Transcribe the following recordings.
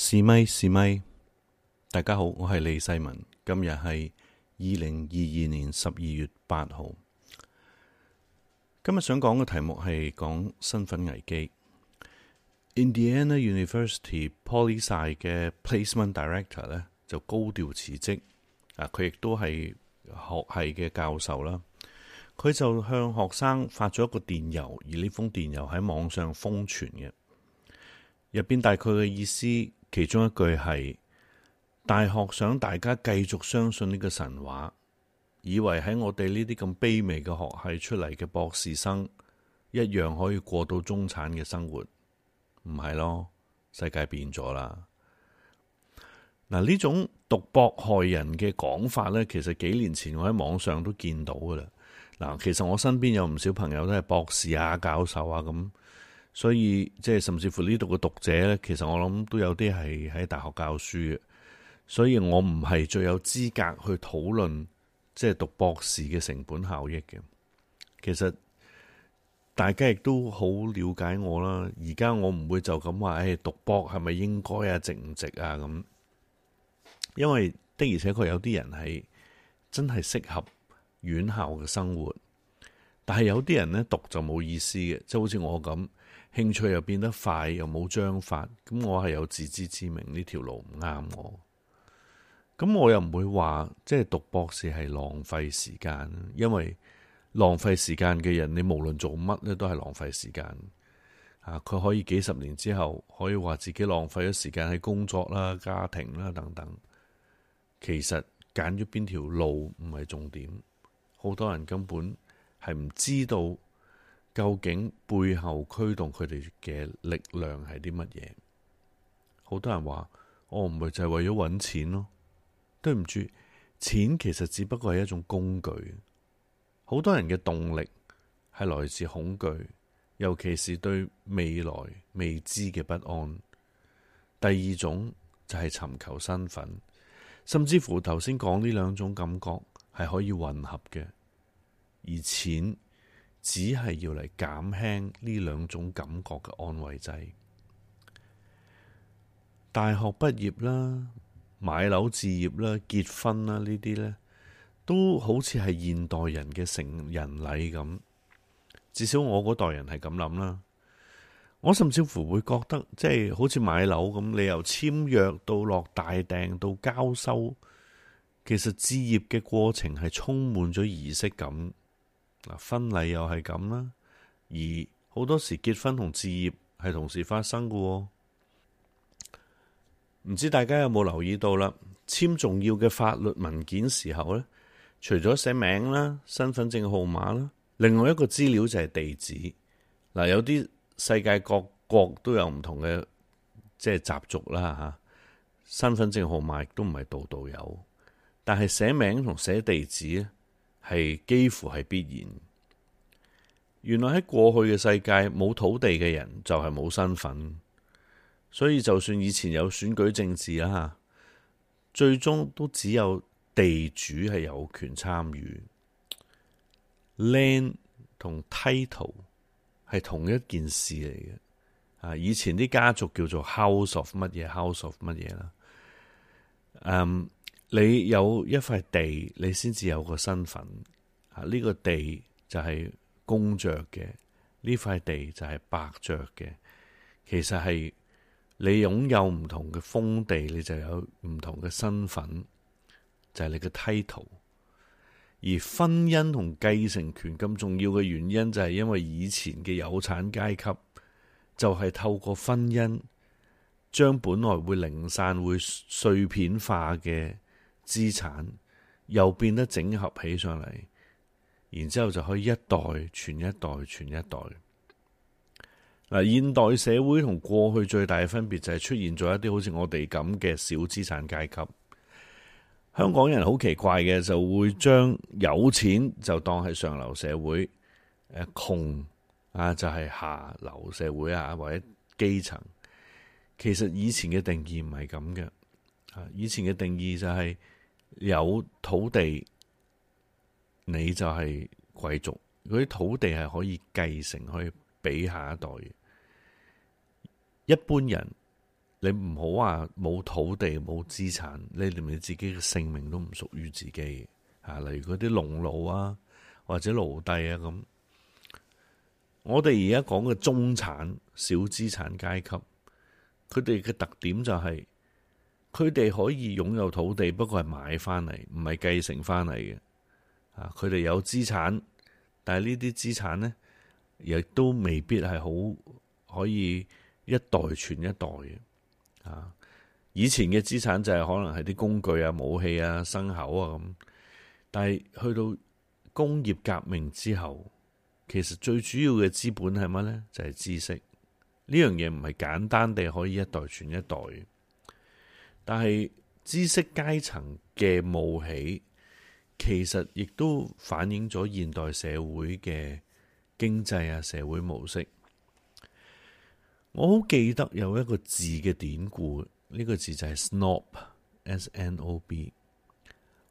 是咪是咪，大家好，我係李世民，今日係二零二二年十二月八號。今日想講嘅題目係講身份危機。Indiana University Poly 嘅 Placement Director 呢就高調辭職。啊，佢亦都係學系嘅教授啦。佢就向學生發咗一個電郵，而呢封電郵喺網上瘋傳嘅，入邊大概嘅意思。其中一句係大學想大家繼續相信呢個神話，以為喺我哋呢啲咁卑微嘅學系出嚟嘅博士生，一樣可以過到中產嘅生活，唔係咯？世界變咗啦！嗱，呢種讀博害人嘅講法咧，其實幾年前我喺網上都見到噶啦。嗱，其實我身邊有唔少朋友都係博士啊、教授啊咁。所以即係甚至乎呢度嘅讀者咧，其實我諗都有啲係喺大學教書嘅，所以我唔係最有資格去討論即係讀博士嘅成本效益嘅。其實大家亦都好了解我啦。而家我唔會就咁話，誒，讀博係咪應該啊？值唔值啊？咁因為的而且確有啲人係真係適合院校嘅生活，但係有啲人咧讀就冇意思嘅，即係好似我咁。興趣又變得快，又冇章法，咁我係有自知之明，呢條路唔啱我。咁我又唔會話，即係讀博士係浪費時間，因為浪費時間嘅人，你無論做乜咧都係浪費時間。啊，佢可以幾十年之後，可以話自己浪費咗時間喺工作啦、家庭啦等等。其實揀咗邊條路唔係重點，好多人根本係唔知道。究竟背後驅動佢哋嘅力量係啲乜嘢？好多人話：我唔係就係為咗揾錢咯。對唔住，錢其實只不過係一種工具。好多人嘅動力係來自恐懼，尤其是對未來未知嘅不安。第二種就係尋求身份，甚至乎頭先講呢兩種感覺係可以混合嘅。而錢，只係要嚟減輕呢兩種感覺嘅安慰劑。大學畢業啦、買樓置業啦、結婚啦，呢啲呢都好似係現代人嘅成人禮咁。至少我嗰代人係咁諗啦。我甚至乎會覺得，即係好似買樓咁，你由簽約到落大訂到交收，其實置業嘅過程係充滿咗儀式感。婚禮又係咁啦，而好多時結婚同置業係同時發生㗎，唔知大家有冇留意到啦？簽重要嘅法律文件時候呢，除咗寫名啦、身份證號碼啦，另外一個資料就係地址。嗱，有啲世界各國都有唔同嘅即係習俗啦，吓身份證號碼都唔係度度有，但係寫名同寫地址。係幾乎係必然。原來喺過去嘅世界，冇土地嘅人就係冇身份，所以就算以前有選舉政治啦，吓最終都只有地主係有權參與。land 同 title 係同一件事嚟嘅。啊，以前啲家族叫做 house of 乜嘢，house of 乜嘢啦。Um, 你有一塊地，你先至有個身份。啊，呢個地就係公爵嘅，呢塊地就係伯爵嘅。其實係你擁有唔同嘅封地，你就有唔同嘅身份，就係、是、你嘅 title。而婚姻同繼承權咁重要嘅原因，就係因為以前嘅有產階級就係透過婚姻將本來會零散、會碎片化嘅。資產又變得整合起上嚟，然之後就可以一代傳一代傳一代。嗱，現代社會同過去最大嘅分別就係出現咗一啲好似我哋咁嘅小資產階級。香港人好奇怪嘅，就會將有錢就當係上流社會，誒窮啊就係下流社會啊或者基層。其實以前嘅定義唔係咁嘅，以前嘅定義就係。有土地，你就係貴族。嗰啲土地係可以繼承，去俾下一代嘅。一般人，你唔好話冇土地冇資產，你連你自己嘅性命都唔屬於自己。吓、啊，例如嗰啲農奴啊，或者奴隸啊咁。我哋而家講嘅中產、小資產階級，佢哋嘅特點就係、是。佢哋可以擁有土地，不過係買翻嚟，唔係繼承翻嚟嘅。佢哋有資產，但係呢啲資產呢，亦都未必係好可以一代傳一代嘅。啊，以前嘅資產就係可能係啲工具啊、武器啊、牲口啊咁，但係去到工業革命之後，其實最主要嘅資本係乜呢？就係知識。呢樣嘢唔係簡單地可以一代傳一代。但係知識階層嘅冒起，其實亦都反映咗現代社會嘅經濟啊、社會模式。我好記得有一個字嘅典故，呢個字就係 snob，s-n-o-b。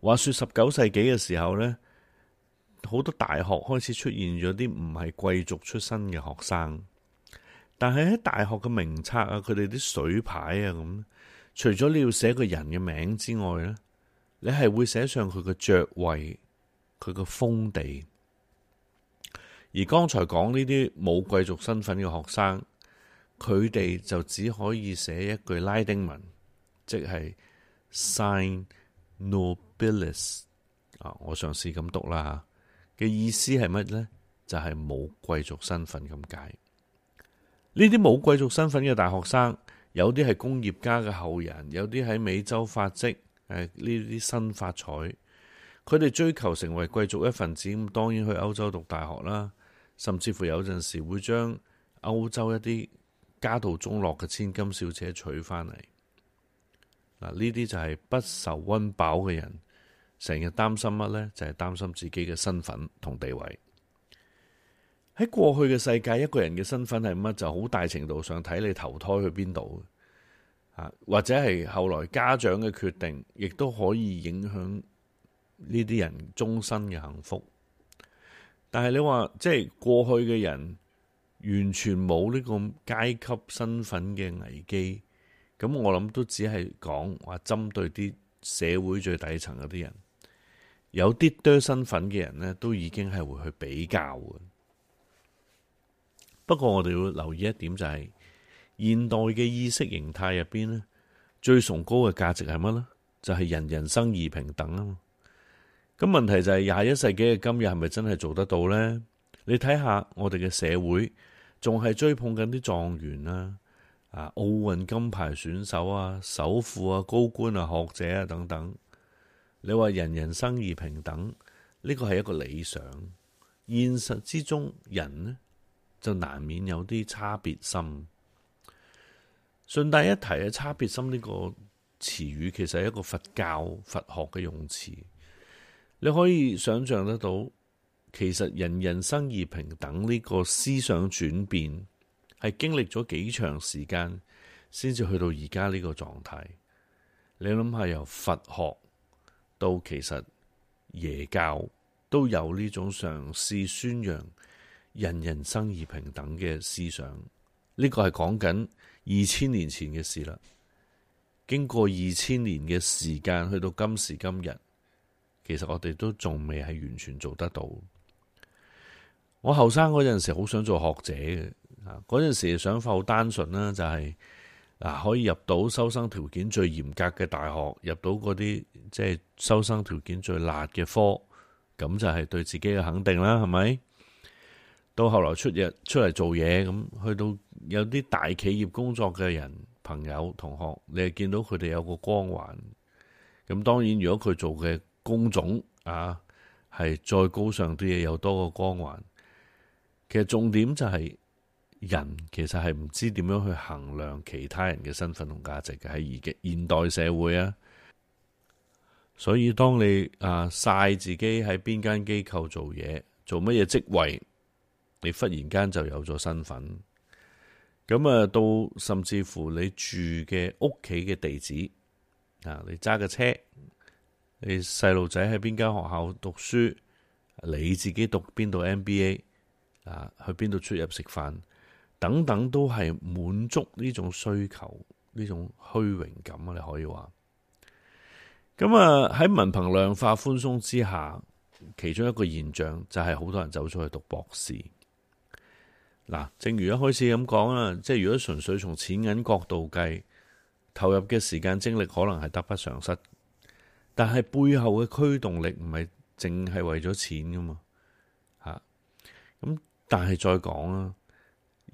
話說十九世紀嘅時候呢，好多大學開始出現咗啲唔係貴族出身嘅學生，但係喺大學嘅名冊啊，佢哋啲水牌啊咁。除咗你要寫個人嘅名之外呢，你係會寫上佢嘅爵位、佢嘅封地。而剛才講呢啲冇貴族身份嘅學生，佢哋就只可以寫一句拉丁文，即係 sign nobilis。啊，我嘗試咁讀啦。嘅意思係乜呢？就係、是、冇貴族身份咁解。呢啲冇貴族身份嘅大學生。有啲係工業家嘅後人，有啲喺美洲發跡，誒呢啲新發財，佢哋追求成為貴族一份子，咁當然去歐洲讀大學啦。甚至乎有陣時會將歐洲一啲家道中落嘅千金小姐娶翻嚟嗱，呢啲就係不愁溫飽嘅人，成日擔心乜呢？就係擔心自己嘅身份同地位。喺過去嘅世界，一個人嘅身份係乜就好大程度上睇你投胎去邊度，或者係後來家長嘅決定，亦都可以影響呢啲人終身嘅幸福。但係你話，即係過去嘅人完全冇呢個階級身份嘅危機，咁我諗都只係講話針對啲社會最底層嗰啲人，有啲多身份嘅人呢，都已經係會去比較嘅。不過我哋要留意一點就係、是、現代嘅意識形態入邊咧，最崇高嘅價值係乜咧？就係、是、人人生而平等啊。咁問題就係廿一世紀嘅今日係咪真係做得到呢？你睇下我哋嘅社會仲係追捧緊啲狀元啦、啊、啊奧運金牌選手啊、首富啊、高官啊、學者啊等等。你話人人生而平等呢個係一個理想，現實之中人咧？就難免有啲差別心。順帶一提，嘅「差別心」呢個詞語其實係一個佛教、佛學嘅用詞。你可以想象得到，其實人人生而平等呢個思想轉變，係經歷咗幾長時間先至去到而家呢個狀態。你諗下，由佛學到其實耶教都有呢種嘗試宣揚。人人生而平等嘅思想，呢個係講緊二千年前嘅事啦。經過二千年嘅時間，去到今時今日，其實我哋都仲未係完全做得到。我後生嗰陣時好想做學者嘅，嗰陣時嘅想法好單純啦，就係嗱，可以入到收生條件最嚴格嘅大學，入到嗰啲即係收生條件最辣嘅科，咁就係對自己嘅肯定啦，係咪？到後來出日出嚟做嘢，咁去到有啲大企業工作嘅人、朋友、同學，你係見到佢哋有個光環。咁當然，如果佢做嘅工種啊，係再高尚啲嘢，有多個光環。其實重點就係、是、人其實係唔知點樣去衡量其他人嘅身份同價值嘅喺而嘅現代社會啊。所以當你啊晒自己喺邊間機構做嘢，做乜嘢職位？你忽然間就有咗身份，咁啊，到甚至乎你住嘅屋企嘅地址啊，你揸個車，你細路仔喺邊間學校讀書，你自己讀邊度 MBA 啊，去邊度出入食飯等等，都係滿足呢種需求、呢種虛榮感啊。你可以話咁啊。喺文憑量化寬鬆之下，其中一個現象就係好多人走出去讀博士。嗱，正如一開始咁講啦，即係如果純粹從錢銀角度計，投入嘅時間精力可能係得不償失。但係背後嘅驅動力唔係淨係為咗錢㗎嘛，嚇。咁但係再講啦，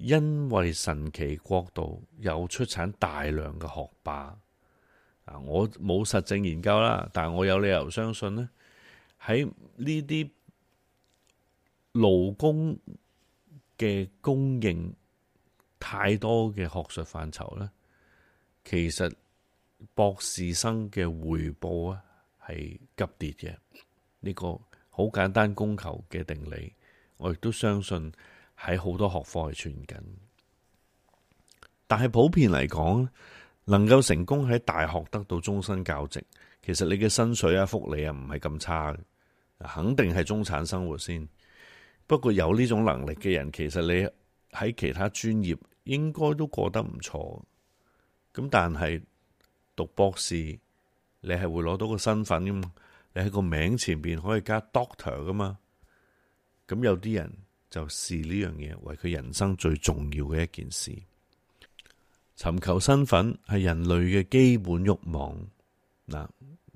因為神奇國度又出產大量嘅學霸，啊，我冇實證研究啦，但係我有理由相信呢，喺呢啲勞工。嘅供應太多嘅學術範疇咧，其實博士生嘅回報啊係急跌嘅。呢個好簡單供求嘅定理，我亦都相信喺好多學科係存緊。但係普遍嚟講，能夠成功喺大學得到終身教職，其實你嘅薪水啊、福利啊唔係咁差，肯定係中產生活先。不過有呢種能力嘅人，其實你喺其他專業應該都過得唔錯。咁但係讀博士，你係會攞到個身份噶嘛？你喺個名前面可以加 doctor 噶嘛？咁有啲人就視呢樣嘢為佢人生最重要嘅一件事。尋求身份係人類嘅基本慾望。嗱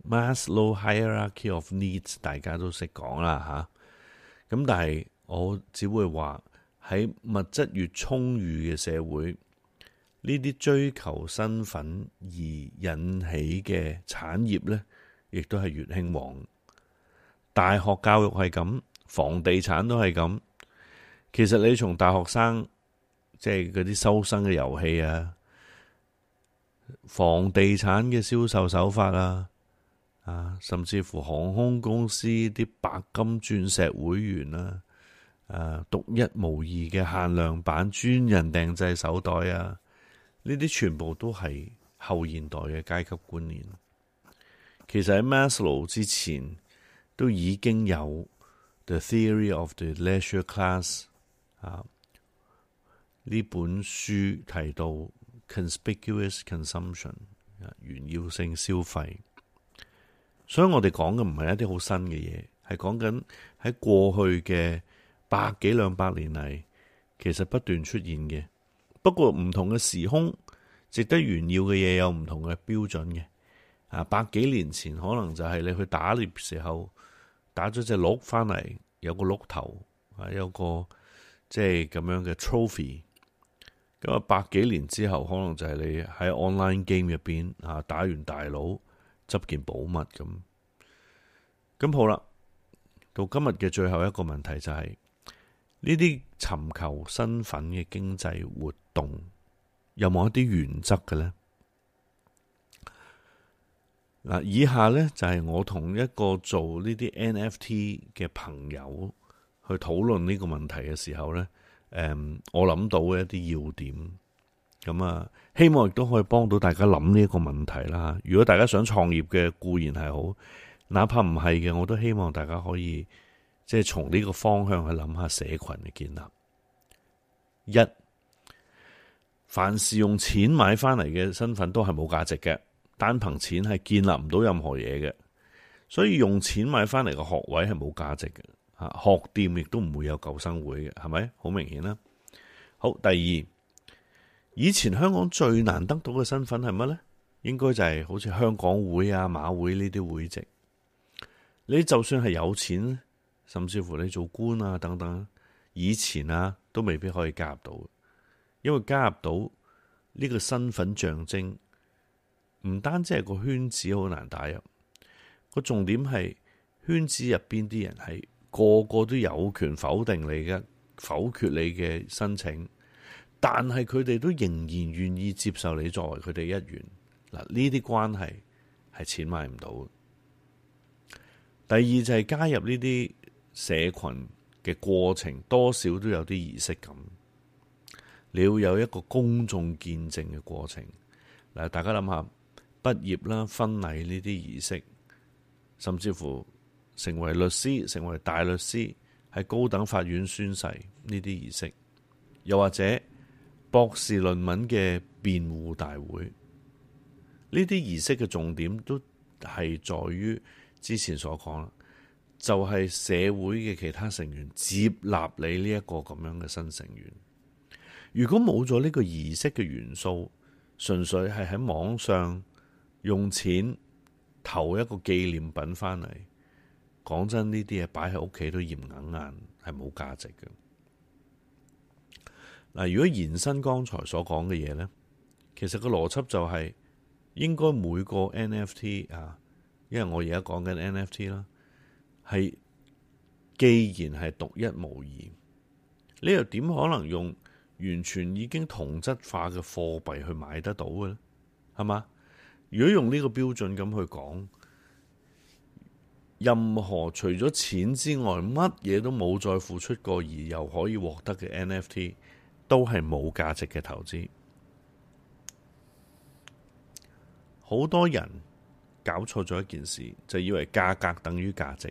，Maslow hierarchy of needs 大家都識講啦吓。咁但係。我只會話喺物質越充裕嘅社會，呢啲追求身份而引起嘅產業呢，亦都係越興旺。大學教育係咁，房地產都係咁。其實你從大學生即係嗰啲收生嘅遊戲啊，房地產嘅銷售手法啊，啊，甚至乎航空公司啲白金鑽石會員啊。誒，獨一無二嘅限量版專人訂製手袋啊！呢啲全部都係後現代嘅階級觀念。其實喺 Maslow 之前都已經有 The Theory of the Leisure Class 啊，呢本書提到 conspicuous consumption 炫耀性消費，所以我哋講嘅唔係一啲好新嘅嘢，係講緊喺過去嘅。百幾兩百年嚟，其實不斷出現嘅。不過唔同嘅時空，值得炫耀嘅嘢有唔同嘅標準嘅。啊，百幾年前可能就係你去打獵時候打咗隻鹿翻嚟，有個鹿頭啊，有個即係咁樣嘅 trophy。咁啊，百幾年之後可能就係你喺 online game 入邊啊，打完大佬執件寶物咁。咁好啦，到今日嘅最後一個問題就係、是。呢啲尋求身份嘅經濟活動有冇一啲原則嘅呢？嗱，以下呢，就係我同一個做呢啲 NFT 嘅朋友去討論呢個問題嘅時候呢。誒，我諗到嘅一啲要點，咁啊，希望亦都可以幫到大家諗呢一個問題啦。如果大家想創業嘅固然係好，哪怕唔係嘅，我都希望大家可以。即係從呢個方向去諗下社群嘅建立。一，凡是用錢買翻嚟嘅身份都係冇價值嘅，單憑錢係建立唔到任何嘢嘅。所以用錢買翻嚟嘅學位係冇價值嘅。吓，學店亦都唔會有舊生會嘅，係咪好明顯啦？好，第二，以前香港最難得到嘅身份係乜呢？應該就係好似香港會啊、馬會呢啲會籍。你就算係有錢。甚至乎你做官啊等等，以前啊，都未必可以加入到，因為加入到呢個身份象徵，唔單止係個圈子好難打入，個重點係圈子入邊啲人係個個都有權否定你嘅，否決你嘅申請，但係佢哋都仍然願意接受你作為佢哋一員。嗱，呢啲關係係錢買唔到嘅。第二就係加入呢啲。社群嘅過程，多少都有啲儀式感。你要有一個公眾見證嘅過程。嗱，大家諗下，畢業啦、婚禮呢啲儀式，甚至乎成為律師、成為大律師喺高等法院宣誓呢啲儀式，又或者博士論文嘅辯護大會，呢啲儀式嘅重點都係在於之前所講啦。就係社會嘅其他成員接納你呢一個咁樣嘅新成員。如果冇咗呢個儀式嘅元素，純粹係喺網上用錢投一個紀念品翻嚟，講真，呢啲嘢擺喺屋企都嫌硬硬硬，係冇價值嘅嗱。如果延伸剛才所講嘅嘢呢，其實個邏輯就係應該每個 NFT 啊，因為我而家講緊 NFT 啦。係，既然係獨一無二，你又點可能用完全已經同質化嘅貨幣去買得到嘅呢？係嘛？如果用呢個標準咁去講，任何除咗錢之外乜嘢都冇再付出過，而又可以獲得嘅 NFT，都係冇價值嘅投資。好多人搞錯咗一件事，就以為價格等於價值。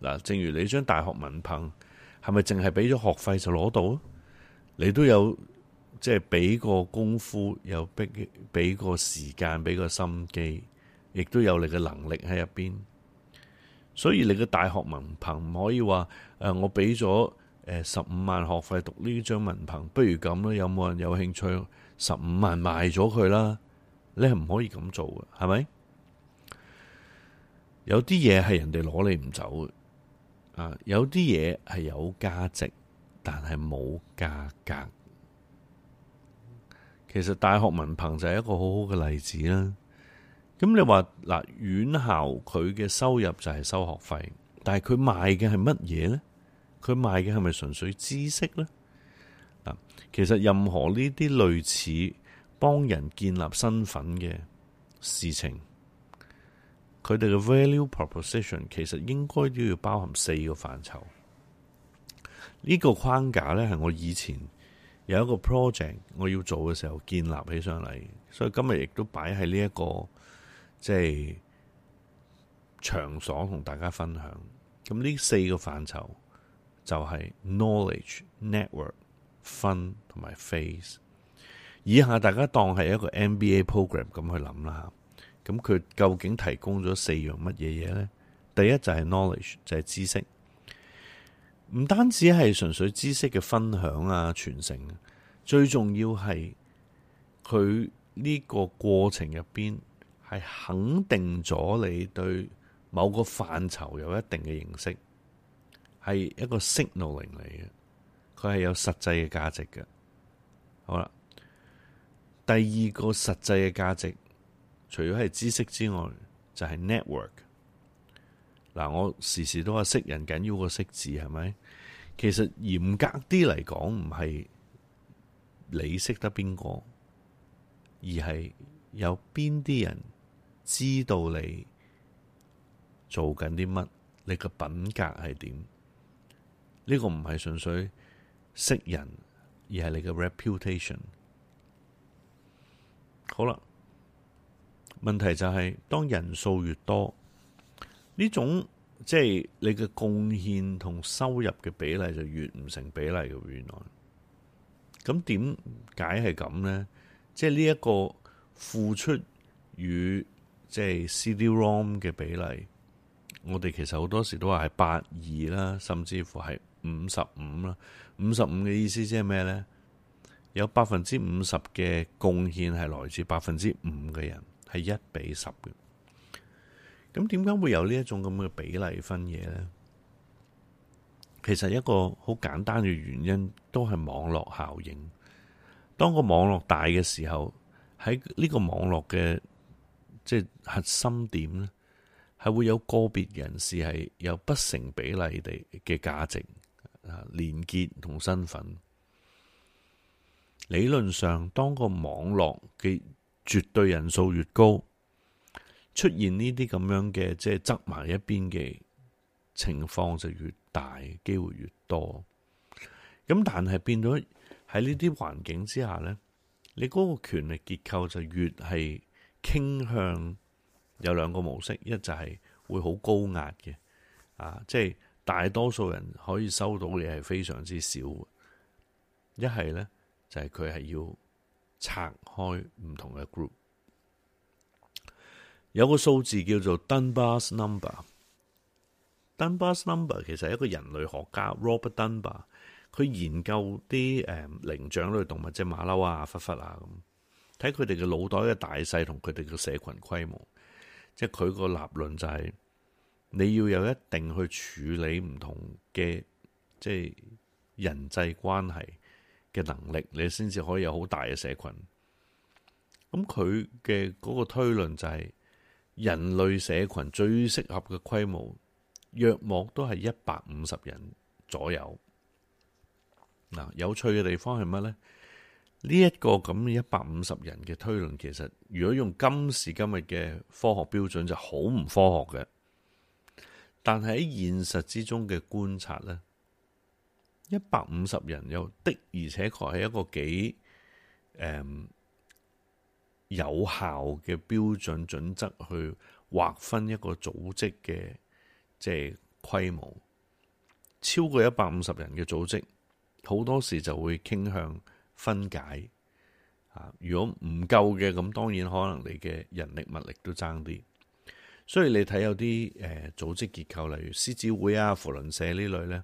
嗱，正如你張大學文憑，係咪淨係俾咗學費就攞到？你都有即係俾個功夫，又俾俾個時間，俾個心機，亦都有你嘅能力喺入邊。所以你嘅大學文憑唔可以話誒、呃，我俾咗誒十五萬學費讀呢張文憑，不如咁啦，有冇人有興趣？十五萬賣咗佢啦，你係唔可以咁做嘅，係咪？有啲嘢係人哋攞你唔走嘅。啊，有啲嘢係有價值，但係冇價格。其實大學文憑就係一個好好嘅例子啦。咁你話嗱，院校佢嘅收入就係收學費，但係佢賣嘅係乜嘢呢？佢賣嘅係咪純粹知識呢？其實任何呢啲類似幫人建立身份嘅事情，佢哋嘅 value proposition 其實應該都要包含四個範疇。呢、這個框架咧係我以前有一個 project 我要做嘅時候建立起上嚟，所以今日亦都擺喺呢一個即係、就是、場所同大家分享。咁呢四個範疇就係 knowledge、network、fund 同埋 face。以下大家當係一個 MBA program 咁去諗啦。咁佢究竟提供咗四樣乜嘢嘢呢？第一就係 knowledge，就係知識，唔單止係純粹知識嘅分享啊傳承，最重要係佢呢個過程入邊係肯定咗你對某個範疇有一定嘅認識，係一個 signaling 嚟嘅，佢係有實際嘅價值嘅。好啦，第二個實際嘅價值。除咗係知識之外，就係 network。嗱，我時時都話識人緊要過識字，係咪？其實嚴格啲嚟講，唔係你識得邊個，而係有邊啲人知道你做緊啲乜，你個品格係點？呢個唔係純粹識人，而係你嘅 reputation。好啦。問題就係、是，當人數越多，呢種即係、就是，你嘅貢獻同收入嘅比例就越唔成比例嘅。原來咁點解係咁呢？即係呢一個付出與即係、就是，CD-ROM 嘅比例，我哋其實好多時都話係八二啦，甚至乎係五十五啦。五十五嘅意思即係咩呢？有百分之五十嘅貢獻係來自百分之五嘅人。係一比十嘅，咁點解會有呢一種咁嘅比例分嘢呢？其實一個好簡單嘅原因，都係網絡效應。當個網絡大嘅時候，喺呢個網絡嘅即係核心點咧，係會有個別人士係有不成比例地嘅價值、連結同身份。理論上，當個網絡嘅絕對人數越高，出現呢啲咁樣嘅即係側埋一邊嘅情況就越大，機會越多。咁但係變咗喺呢啲環境之下呢，你嗰個權力結構就越係傾向有兩個模式，一就係會好高壓嘅，啊，即係大多數人可以收到嘅係非常之少。一係呢，就係佢係要。拆開唔同嘅 group，有個數字叫做 Dunbar's Number。Dunbar's Number 其實係一個人類學家 Robert Dunbar，佢研究啲誒靈長類動物，即係馬騮啊、狒狒啊咁，睇佢哋嘅腦袋嘅大細同佢哋嘅社群規模，即係佢個立論就係、是、你要有一定去處理唔同嘅即係人際關係。嘅能力，你先至可以有好大嘅社群。咁佢嘅嗰個推論就係、是、人類社群最適合嘅規模，約莫都係一百五十人左右。嗱，有趣嘅地方係乜咧？呢、這、一個咁一百五十人嘅推論，其實如果用今時今日嘅科學標準，就好唔科學嘅。但係喺現實之中嘅觀察咧。一百五十人又的，而且確係一個幾誒有效嘅標準準則去劃分一個組織嘅即係規模。超過一百五十人嘅組織，好多時就會傾向分解。啊，如果唔夠嘅咁，當然可能你嘅人力物力都爭啲。所以你睇有啲誒組織結構，例如獅子會啊、扶輪社呢類咧。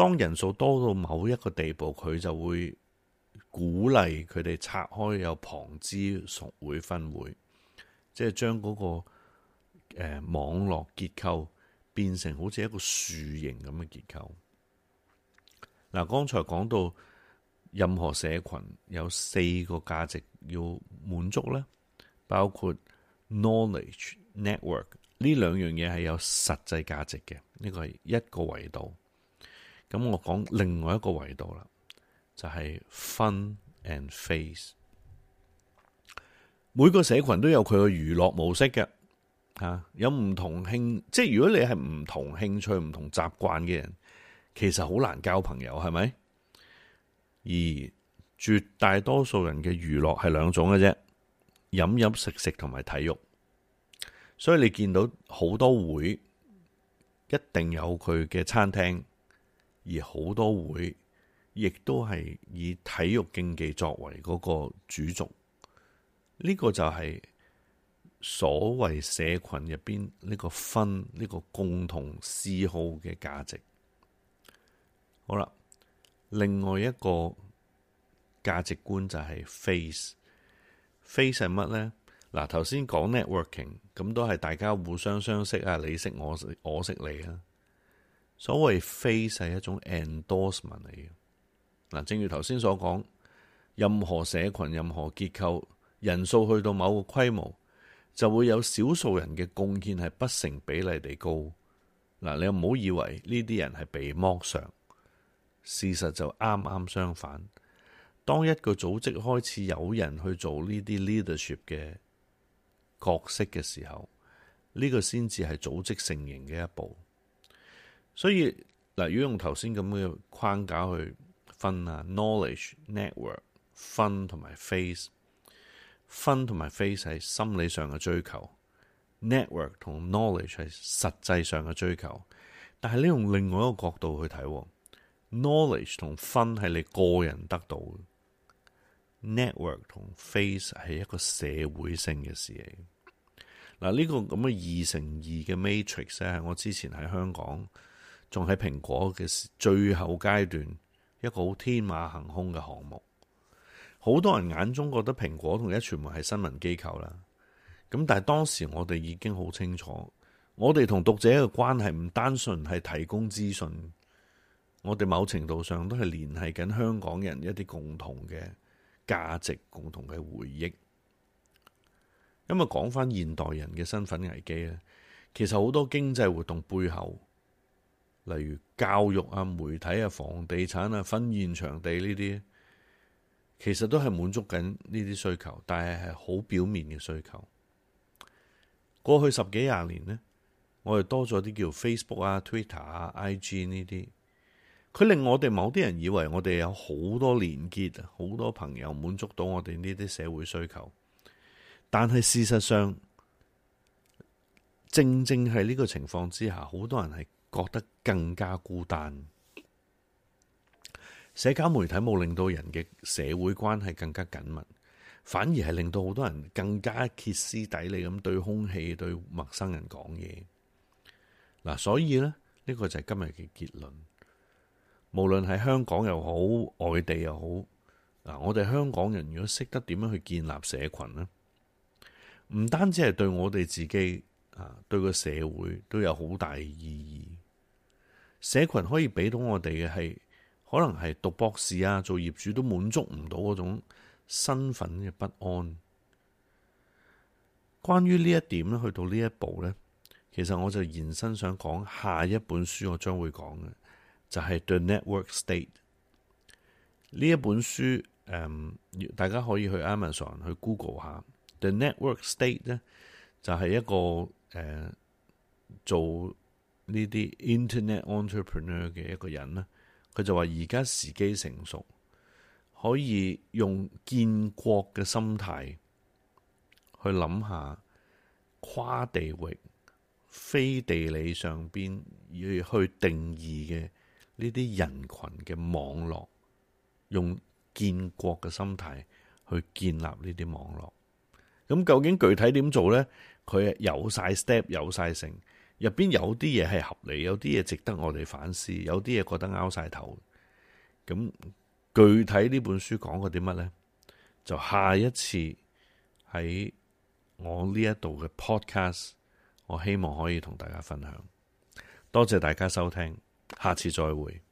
當人數多到某一個地步，佢就會鼓勵佢哋拆開有旁支屬會分會，即係將嗰個誒、呃、網絡結構變成好似一個樹形咁嘅結構。嗱、呃，剛才講到任何社群有四個價值要滿足咧，包括 knowledge network 呢兩樣嘢係有實際價值嘅。呢個係一個維度。咁我講另外一個維度啦，就係 fun and face。每個社群都有佢嘅娛樂模式嘅吓，有唔同興，即係如果你係唔同興趣，唔同習慣嘅人，其實好難交朋友，係咪？而絕大多數人嘅娛樂係兩種嘅啫，飲飲食食同埋體育。所以你見到好多會，一定有佢嘅餐廳。而好多會亦都係以體育競技作為嗰個主軸，呢個就係所謂社群入邊呢個分呢個共同嗜好嘅價值。好啦，另外一個價值觀就係 face，face 係乜呢？嗱，頭先講 networking，咁都係大家互相相識啊，你識我，我識你啊。所謂 face 係一種 endorsement 嚟嘅，嗱，正如頭先所講，任何社群、任何結構，人數去到某個規模，就會有少數人嘅貢獻係不成比例地高。嗱，你又唔好以為呢啲人係被剝削，事實就啱啱相反。當一個組織開始有人去做呢啲 leadership 嘅角色嘅時候，呢個先至係組織成型嘅一步。所以嗱，如果用頭先咁嘅框架去分啊，knowledge、network、分同埋 face、分同埋 face 係心理上嘅追求，network 同 knowledge 係實際上嘅追求。但係你用另外一個角度去睇，knowledge 同分係你個人得到嘅，network 同 face 係一個社會性嘅事嚟嗱。呢個咁嘅二乘二嘅 matrix 咧，我之前喺香港。仲喺蘋果嘅最後階段，一個好天馬行空嘅項目。好多人眼中覺得蘋果同壹傳媒係新聞機構啦。咁但係當時我哋已經好清楚，我哋同讀者嘅關係唔單純係提供資訊，我哋某程度上都係聯繫緊香港人一啲共同嘅價值、共同嘅回憶，因為講翻現代人嘅身份危機咧，其實好多經濟活動背後。例如教育啊、媒體啊、房地產啊、婚宴場地呢啲，其實都係滿足緊呢啲需求，但係係好表面嘅需求。過去十幾廿年呢，我哋多咗啲叫 Facebook 啊、Twitter 啊、IG 呢啲，佢令我哋某啲人以為我哋有好多連結、好多朋友，滿足到我哋呢啲社會需求。但係事實上，正正係呢個情況之下，好多人係，覺得更加孤單，社交媒體冇令到人嘅社會關係更加緊密，反而係令到好多人更加歇斯底里咁對空氣對陌生人講嘢嗱。所以呢，呢個就係今日嘅結論。無論係香港又好，外地又好，嗱，我哋香港人如果識得點樣去建立社群咧，唔單止係對我哋自己啊，對個社會都有好大意義。社群可以俾到我哋嘅係，可能係讀博士啊、做業主都滿足唔到嗰種身份嘅不安。關於呢一點，去到呢一步呢，其實我就延伸想講下一本書我將會講嘅，就係、是《The Network State》呢一本書、呃。大家可以去 Amazon 去 Google 下《The Network State》呢，就係、是、一個、呃、做。呢啲 internet entrepreneur 嘅一個人咧，佢就話而家時機成熟，可以用建國嘅心態去諗下跨地域、非地理上邊要去定義嘅呢啲人群嘅網絡，用建國嘅心態去建立呢啲網絡。咁究竟具體點做呢？佢有晒 step，有晒成。入邊有啲嘢係合理，有啲嘢值得我哋反思，有啲嘢覺得拗晒頭。咁具體呢本書講過啲乜呢？就下一次喺我呢一度嘅 podcast，我希望可以同大家分享。多謝大家收聽，下次再會。